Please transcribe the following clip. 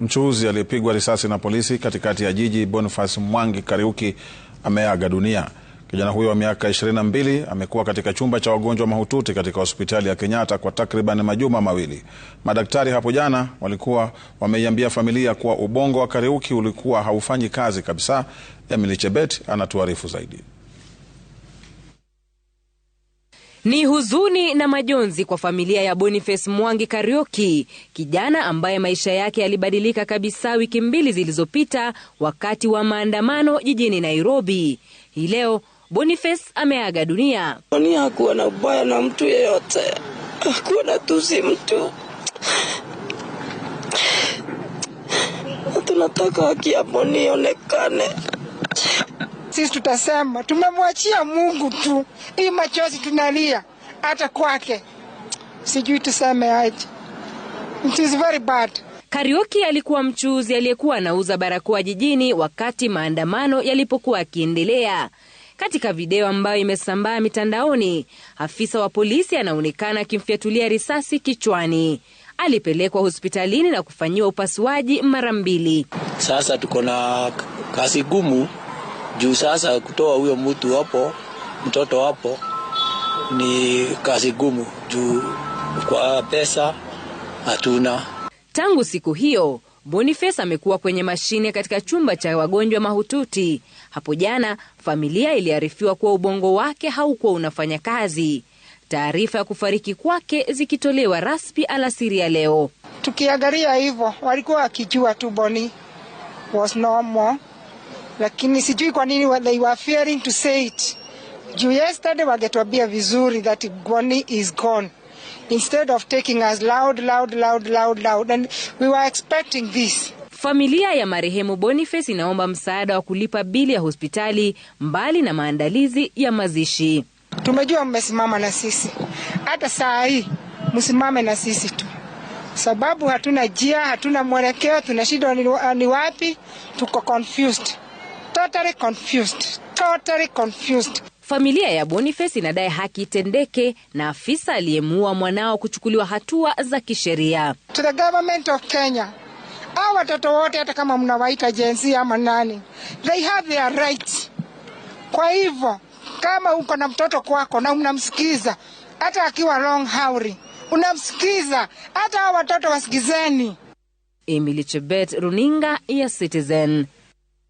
Mchuuzi aliyepigwa risasi na polisi katikati ya jiji Boniface Mwangi Kariuki ameaga dunia. Kijana huyo wa miaka 22 amekuwa katika chumba cha wagonjwa mahututi katika hospitali ya Kenyatta kwa takriban majuma mawili. Madaktari hapo jana walikuwa wameiambia familia kuwa ubongo wa Kariuki ulikuwa haufanyi kazi kabisa. Emily Chebet anatuarifu zaidi. Ni huzuni na majonzi kwa familia ya Boniface Mwangi Karioki, kijana ambaye maisha yake yalibadilika kabisa wiki mbili zilizopita wakati wa maandamano jijini Nairobi. Hii leo Boniface ameaga dunia. Hakuwa na ubaya na mtu yeyote, hakuwa na tusi mtu. Tunataka haki ya Boni ionekane. Sisi tutasema tumemwachia Mungu tu, hii machozi tunalia hata kwake, sijui tuseme aje. It is very bad. Karioki alikuwa mchuuzi aliyekuwa anauza barakoa jijini wakati maandamano yalipokuwa yakiendelea. Katika video ambayo imesambaa mitandaoni, afisa wa polisi anaonekana akimfyatulia risasi kichwani. Alipelekwa hospitalini na kufanyiwa upasuaji mara mbili. Sasa tuko na kazi gumu juu sasa kutoa huyo mtu hapo, mtoto hapo ni kazi gumu, juu kwa pesa hatuna. Tangu siku hiyo Boniface amekuwa kwenye mashine katika chumba cha wagonjwa mahututi. Hapo jana familia iliarifiwa kuwa ubongo wake haukuwa unafanya kazi, taarifa ya kufariki kwake zikitolewa rasmi alasiri ya leo. Tukiangalia hivyo walikuwa wakijua tu Boni was normal lakini sijui kwa nini they were fearing to say it. Juu yesterday wangetuambia vizuri that Gwani is gone instead of taking us loud loud loud loud loud and we were expecting this. Familia ya marehemu Boniface inaomba msaada wa kulipa bili ya hospitali mbali na maandalizi ya mazishi. Tumejua mmesimama na sisi, hata saa hii msimame na sisi tu, sababu hatuna jia, hatuna mwelekeo, tuna shida ni wapi, tuko confused totally confused. Totally confused. Familia ya Boniface inadai haki itendeke na afisa aliyemuua mwanao kuchukuliwa hatua za kisheria. To the government of Kenya, hao watoto wote hata kama mnawaita jenzi ama nani, they have their rights. Kwa hivyo kama uko na mtoto kwako na unamsikiza hata akiwa long hauri, unamsikiza hata hao watoto wasikizeni. Emily Chebet, runinga ya Citizen.